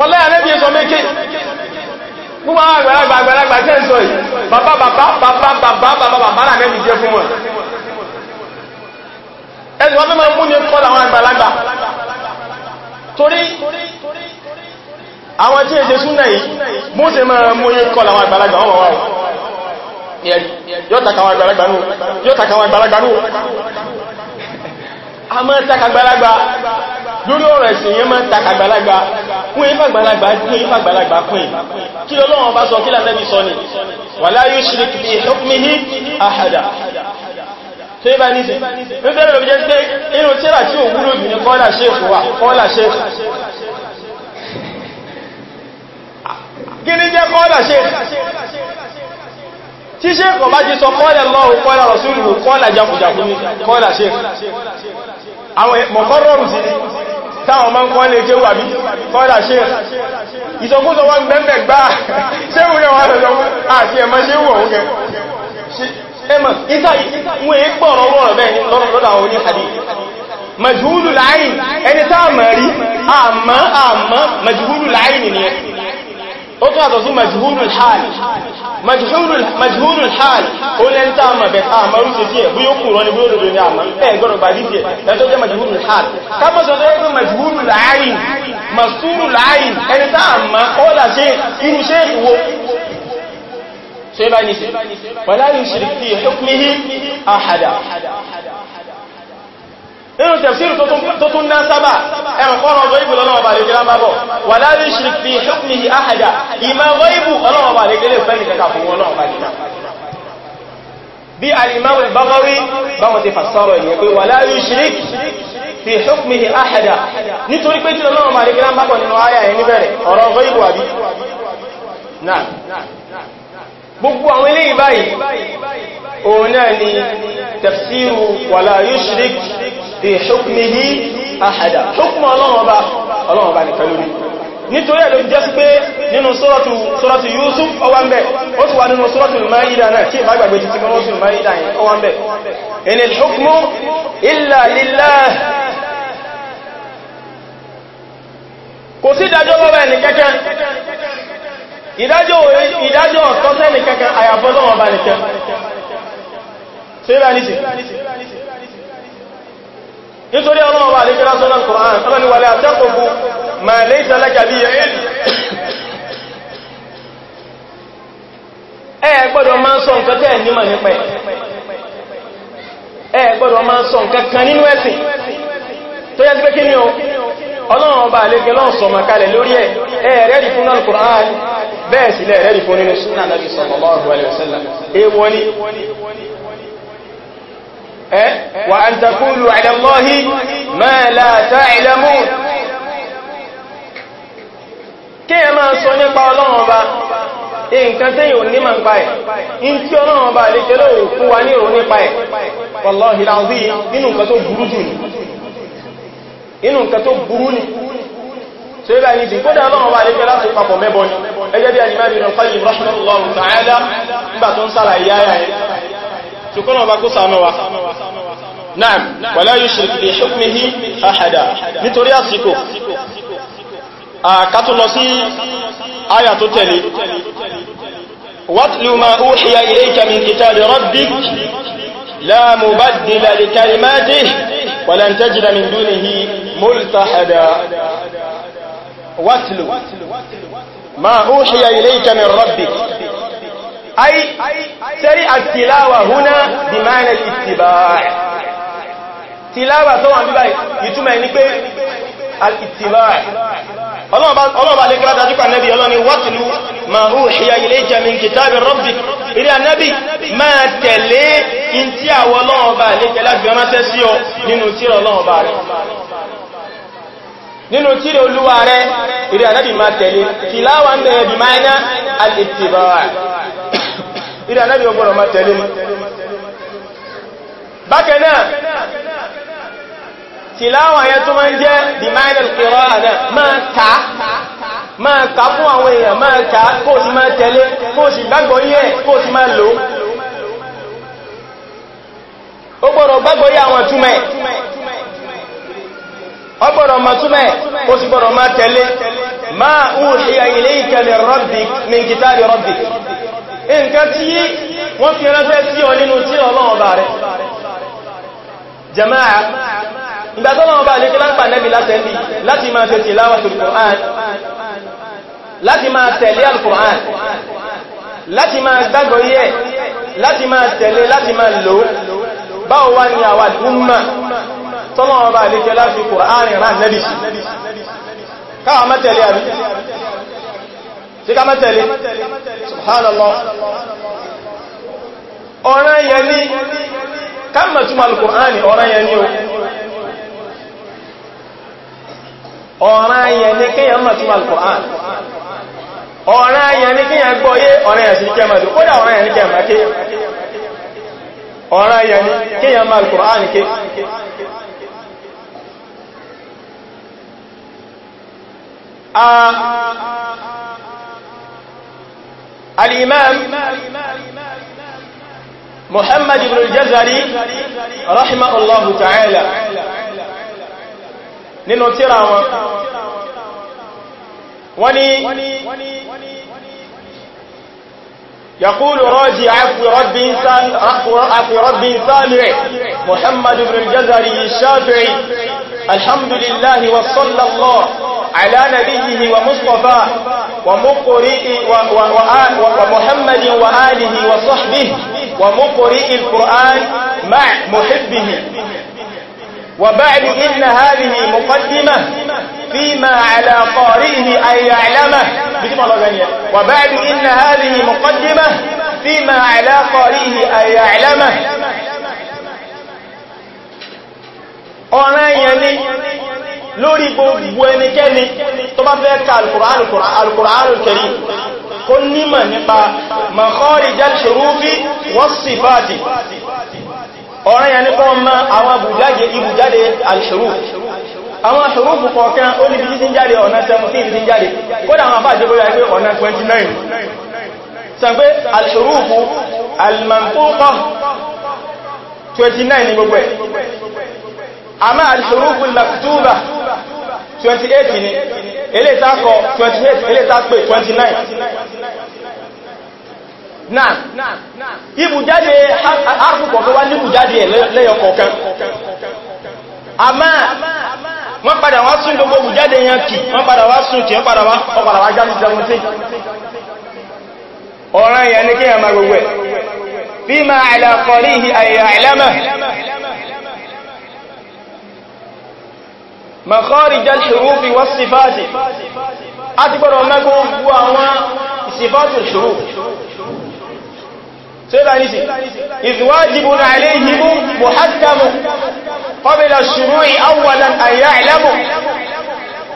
wọ́n láyé anẹ́bí sọ méké gbogbo àwọn àgbàlagbà àgbàlagbà tẹ́ ń sọ yìí bàbá bàbá bàbá bàbá bàbá bàbá là nẹ́bí jẹ́ fún wọn ẹni wọ́n mẹ́mọ́ mú ní kọ́ làwọn àgbàlagbà torí àwọn tí èdè súnà yìí mú sí mọ́ mú ní kọ́ làwọn àgbàlagbà wọ́n wọ́n yóò tàkàwọn àgbàlagbà nù nù lórí ọ̀rọ̀ ẹ̀sìn yẹn máa ń takà àgbàlagbà fún ifá àgbàlagbà fún ifá àgbàlagbà fún ì kí Ọlọ́run bá sọ kí lásẹ́bí sọ ni wala yushrik fi hukmihi ahada tó yíba ní sí ní tẹ́lẹ̀ lọ́bí jẹ́ pé inú tíra tí ò wúlò jù ní kọ́lá ṣéèkù wà kọ́lá ṣéèkù kí ní jẹ́ kọ́lá ṣéèkù tí bá ti sọ kọ́lá Allahu kọ́lá rasuluhu kọ́lá jakujaku ní kọ́lá ṣéèkù àwọn mọ̀kọ́rọ̀rù sí ni táwọn máa ń kọ́ lè kéwù àbí kọ́dà ṣe ìsọkúsọ wọn bẹ́ẹ̀bẹ̀ gbá ṣéwù náà wọ́n lọ àti ẹ̀mọ́ ṣéwù ọ̀hún gẹ ẹmọ̀ ìta wọn èé gbọ́rọ̀ wọ́rọ̀ bẹ́ẹ̀ lọ́dọ̀ àwọn oníhàdí majhulul ayn ẹni táà mẹ́rí àmọ́ àmọ́ majhulul ayn nìyẹn ó tún àtọ̀ sí majhulul hal majhulul hal ó lẹ́n tá àmà bẹ̀ àmà rúṣe tí ẹ̀ bí ó kùrọ ní gbóòrò ní àmà ẹ̀ gbọ́rọ̀ gbà ní tiẹ̀ lẹ́tọ́ jẹ́ majhulul hal kápọ̀sọ̀ tó yẹ́ majhulul ayin masturul nínú tẹ̀síru tó tún náà sábà ẹ̀rùn kọ́nà ọjọ́ ìbò lọ́nà ọba àlejò lábábọ̀ wà láàrin ṣìrì fi ṣùkùnmí àhàjá ìmọ̀ ọjọ́ ìbò ọlọ́nà ọba àlejò lè fẹ́ nìkẹ́kà fún wọn náà bàjẹ́ náà bí alìmọ́wò báwọ́rí báwọn ti fàṣọ́rọ̀ ìyẹn pé wà láàrin ṣìrì fi ṣùkùnmí àhàjá nítorí pé tí lọ́nà ọba àlejò lábábọ̀ nínú ayà ẹ̀ níbẹ̀rẹ̀ ọ̀rọ̀ ọjọ́ ìbò àbí náà gbogbo àwọn eléyìí báyìí òun náà ni tafsiru wàlá yushrik fi hukmihi ahada hukmu ọlọ́wọ́ba ọlọ́wọ́ba nìkan lórí nítorí ẹ̀lú jẹ́ sí pé nínú sọ́rọ̀tù Yusuf ọwọ́nbẹ̀ ó sì wà nínú sọ́rọ̀tù Maida náà kí ìbágbàgbé títí mọ́rọ̀tù Maida yìí ọwọ́nbẹ̀ in al-hukmu illa kò sí dájọ́ bọ́bẹ̀ ní kẹ́kẹ́ ìdájọ́ ìdájọ́ ọ̀tọ́sẹ́ nìkankan àyàfọ́lọ́wọ́ bá nìkan sílẹ̀ nìsìn nítorí ọlọ́wọ́ bá nìkan lásọ́nà Kùránì ọlọ́ni wà látẹ́kọ̀ọ́kú ma lè tẹ́lẹ́kà bí ẹ gbọ́dọ̀ máa sọ nǹkan tẹ́ nímọ̀ nípẹ̀ ẹ gbọ́dọ̀ máa sọ nǹkan kan nínú ẹ̀sìn tó ọlọ́run ọba àlékẹ́ lọ́n sọ makalẹ̀ lórí ẹ̀ ẹ̀ẹ̀rẹ́ rí fún náà Qur'an bẹ́ẹ̀ sílẹ̀ ẹ̀rẹ́ rí fún nínú sunnah Nabi sallallahu alaihi wasallam èèwọ̀ ni ẹ́ wa an taqulu ala Allahi ma la ta'lamun fún nínú nǹkan tó burú inú nǹkan tó burú ni tó yíba ní ìsìn kódà ọlọ́run wà lẹ́fẹ́ láti papọ̀ mẹ́bọ ni ẹgẹ́ bí alìmá bìnrin kọ́ yìí rahimahullahu ta'ala nígbà tó ń sára ìyá ayà yìí ṣùkọ́nà ọba kó sànú wa naam wala ما أوحي إليك من كتاب ربك لا مبدل لكلماته ولن تجد من دونه ملتحدا واتلو ما أوحي إليك من ربك أي سريع التلاوة هنا بمعنى الاتباع تلاوة طبعا ببعي يتمعني al-ittiba' ọlọ́ọ̀bá lè kíra dájúkà nẹ́bí ọlọ́ni wátìlú ma hù ṣíyà ilé jẹmin kìtàbí rọ́bì ilé anẹ́bí máa tẹ̀lé in tí àwọ ọlọ́ọ̀bá lè tẹ́lá fi ránṣẹ́ sí ọ nínú tírà ọlọ́ọ̀bá rẹ̀ nínú tírà olúwa rẹ̀ ilé anẹ́bí máa tẹ̀lé kìláwà ń bẹ̀rẹ̀ bí máa al-ittiba' ilé anẹ́bí tìláwà yẹn tó máa ń jẹ́ dìmáìlì kìrọ́ àdá máa ká máa ká fún àwọn èèyàn máa ká kó sì máa tẹ̀lé kó sì gbàgbọ́ yẹ kó sì máa lò ó gbọ́dọ̀ gbàgbọ́ yẹ àwọn túmẹ̀ ó gbọ́dọ̀ mọ̀ túmẹ̀ ó sì gbọ́dọ̀ máa tẹ̀lé máa uhiya ilayka min rabbik min jama'a ìgbà tọ́lọ́wọ́ bá lékẹ́ lápá nẹ́bí látẹ́lì láti máa ṣe tìláwà al-Qur'an láti máa tẹ̀lé al-Qur'an láti máa gbàgbọ́ yẹ láti máa tẹ̀lé láti máa lò báwo wá ní àwa umma tọ́lọ́wọ́ bá lékẹ́ láti Qur'an rán nẹ́bí sí káwà ká mẹ́tẹ̀lé subhanallah ọ̀rán yẹ ní ká mẹ́túmọ̀ o ọ̀ràn ayẹ̀ ní kíyàn mọ̀ túnmà al-Qur'an ọ̀ràn ayẹ̀ ní kíyàn gbọ́yé ọ̀ràn ayẹ̀ sí kíyàn mọ̀ kódà ọ̀ràn ayẹ̀ ní kíyàn mọ̀ ké ọ̀ràn ayẹ̀ ní kíyàn mọ̀ al-Qur'an ké al-Imam Muhammad ibn al-Jazari rahimahullahu ta'ala nínú tírà wọn wọ́n ni يقول راجي عفو رب إنسان عفو رب سامع محمد بن الجزري الشافعي الحمد لله وصلى الله على نبيه ومصطفى ومقرئ ومحمد وآله وصحبه ومقرئ القرآن مع محبه وبعد إن هذه مقدمة فيما على قارئه أن يعلمه وبعد إن هذه مقدمة فيما على قارئه أن يعلمه قوانا يلي لوري بويني كني طبعا في القرآن القرآن الكريم قل نما نبا مخارج الحروف والصفات ọ̀rẹ́ yẹn ní kọ́ mọ́ àwọn ibùjáde ibùjáde al-huruf àwọn ṣòrúfù kọ̀ọ̀kan ó níbi tí ń jáde ọ̀nà 17 tí ń jáde kódà àwọn àbájẹ́ bóyá pé ọ̀nà 29 sàgbé al-ṣòrúfù al-manṭūqa 29 ni gbogbo ẹ̀ àmá al-ṣòrúfù al-maktūba 28 ni eléta kọ 28 eléta pé 29 náà ibùjáde arúgbọ̀ tó wá níbùjáde ẹ̀ lẹ́yọkọ̀ọ̀kan àmá wọ́n padà wá sún gbogbo ibùjáde yẹn kì wọ́n padà wá sún kì wọ́n padà wá já sí jẹmọ́tí ọ̀ràn yẹn ní kí الحروف والصفات أكبر ما هو الصفات الحروف سيبانيسي إذ واجب عليهم محتم قبل الشروع أولا أن يعلموا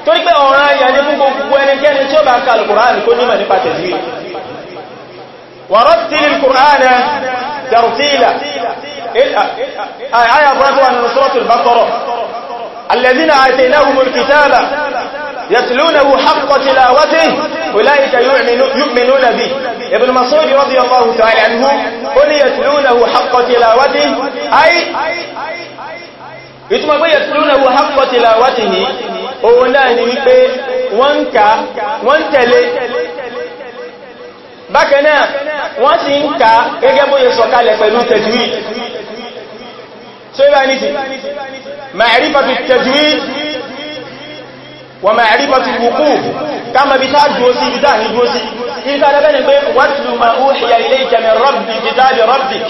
torí pé ọ̀ràn ayà ní fún gbogbo ẹnikẹ́ni tí ó bá ka alkùnrán kó nímọ̀ nípa tẹ̀sí wọ̀rọ̀ tí الذين آتيناهم الكتاب يتلونه حق تلاوته أولئك يؤمنون به ابن مسعود رضي الله تعالى عنه قل يتلونه حق تلاوته أي ìtumọ̀ pé yẹ̀tùlúnàwó hapkọ̀ tìlàwátì ní òun náà ni wípé wọ́n ká wọ́n tẹ̀lé bákanáà wọ́n sì ń ká gẹ́gẹ́ bó yẹ sọ̀kalẹ̀ pẹ̀lú tẹ̀júwì سيبا نسي معرفة التجويد ومعرفة الوقوف كما بتاج جوسي بتاه جوسي إذا لبنى بيق واتل ما أوحي إليك من ربي كتاب ربك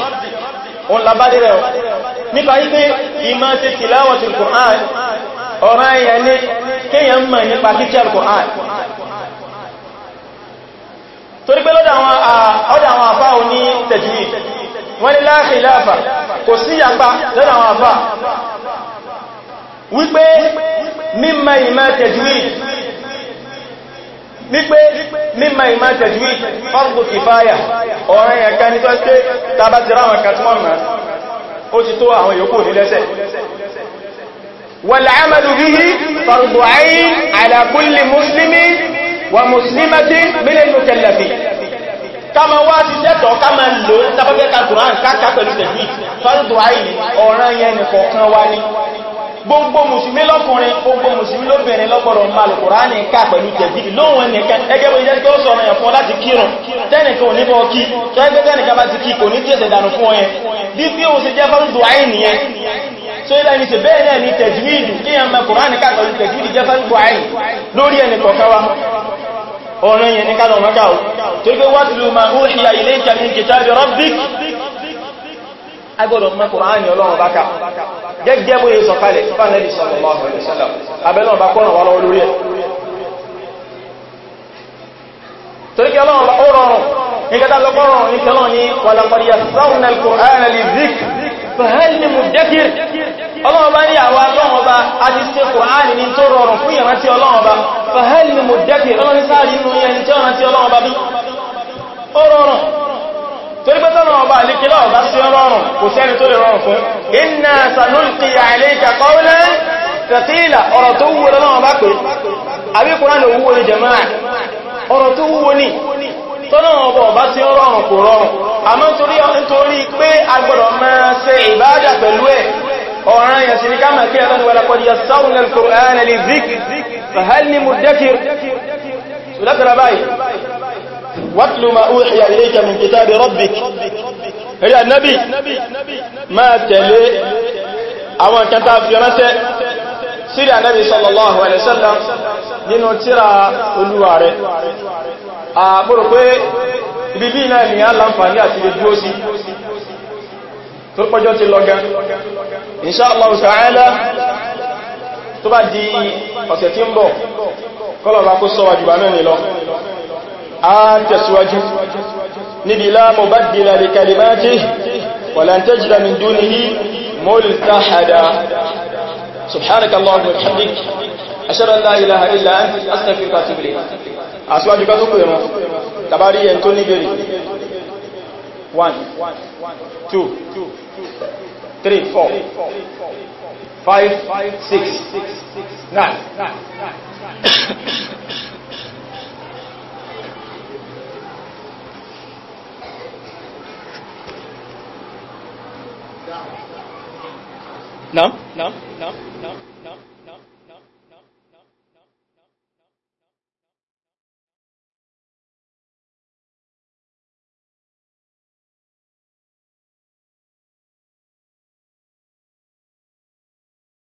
òun labádé rẹ̀ nípa wípé ìmá sí tìláwàtí al-Qur'an ọ̀rọ̀ ẹ̀yẹ ní kíyàn mọ̀ nípa kíkẹ́ al-Qur'an torí pé lọ́dọ̀ àwọn àfáà ní tajwid wọ́n ní la khilafa kò sí yàpá lọ́nà àwọn àfà wípé mímọ̀ ìmọ̀ tajwid wípé mímọ̀ ìmọ̀ tajwid fardu kifaya ọ̀rẹ́ ẹ̀ká ní tọ́sí tàbátí ráwọn kàtùmọ̀ mọ̀ ó ti tó àwọn yòókù kama wá ti tẹ́tọ̀ kama lò tàbábẹ́ka Kùrán káàkà pẹ̀lú tẹ̀sí fọ́lùdù àìní ọ̀ràn yẹn nìkọ̀ọ̀kan wá ní gbogbo mùsùlùmí lọ́kùnrin gbogbo mùsùlùmí lóbìnrin lọ́gbọ̀rọ̀ máa lò Kùrán ní ká pẹ̀lú tẹ̀sí lóhun nìkan ẹgẹ́ bó jẹ́ kí ó sọ̀rọ̀ yẹn fún láti kírun tẹ́nìkan ò ní bọ́ kí tẹ́gbẹ́ tẹ́nìkan bá ti kí kò ní tẹ̀sẹ̀ dànù fún ọyẹn bí bí òun ṣe jẹ́ fọ́lùdù àìní yẹn so ilẹ̀ ni ṣe bẹ́ẹ̀ náà ni tẹ̀júwìdì kí ẹmẹ Kùrán ní ká pẹ̀lú tẹ̀júwìdì jẹ́ fọ́lùdù àìní lórí ẹnì kọ̀ọ̀kan wa ọ̀rọ̀ yẹn ní kálọ̀ mọ́ká o tó gbé wá sílù ma ó ṣíyà ilé ìkàmí kìtàbí rabbik agbọ́dọ̀ mọ́ Kùránì ọlọ́run bá ká gẹ́gẹ́ bó yẹ sọ̀kalẹ̀ fánàlì sallallahu alaihi wasallam abẹ́lọ́run bá kọ́ràn wà lọ́wọ́ fahal ni muddakir ọlọ́run bá ní àwọn ọlọ́run bá a ti ṣe Kùránì ní tó rọrùn fún ìrántí ọlọ́run bá fahal ni muddakir ọlọ́run sáàrí inú yẹn tí ọ̀rántí ọlọ́run bá bí ó rọrùn torí pé tọ́lọ́run bá lè kílọ̀ bá sí ọlọ́run kò sẹ́ni tó lè rọrùn ọ̀rọ̀ tó wúwo ní jàmáà ọ̀rọ̀ tó wúwo ní tọ́lọ́run kò rọrùn àmọ́ nítorí pé agbọ́dọ̀ máa ṣe ìbádà pẹ̀lú ẹ̀ ọ̀ràn yẹn sí ní ká máa kí ẹ̀lọ́dún wàlápọ̀dí yasawun al-Qur'an lè zik fahal ni mudakir látara báyìí wàtlù ma uhiya ilayka min kitabi rabbik rí annabi máa tẹ̀lé àwọn kan tá fi ránṣẹ́ sírí annabi sallallahu alaihi wasallam nínú tírà olúwa rẹ̀ àbúrò pé ibi bí náà ni a láǹfààní àti lè dúó sí tó pọ́jọ́ ti lọ́gán insha Allah ta'ala tó bá di ọ̀sẹ̀ tí ń bọ̀ kọ́lọ̀bá kó sọ wàjúbà mẹ́rin lọ a tẹ̀síwájú níbi la mubaddila li kalimatihi wa lan tajida min dunihi multahada subhanakallahumma wa bihamdik ashhadu an la aṣíwájú ká tó pè wọn tàbárí ẹn tó níbèrè 1 2 3 4 5 6 9 No, no, no, no.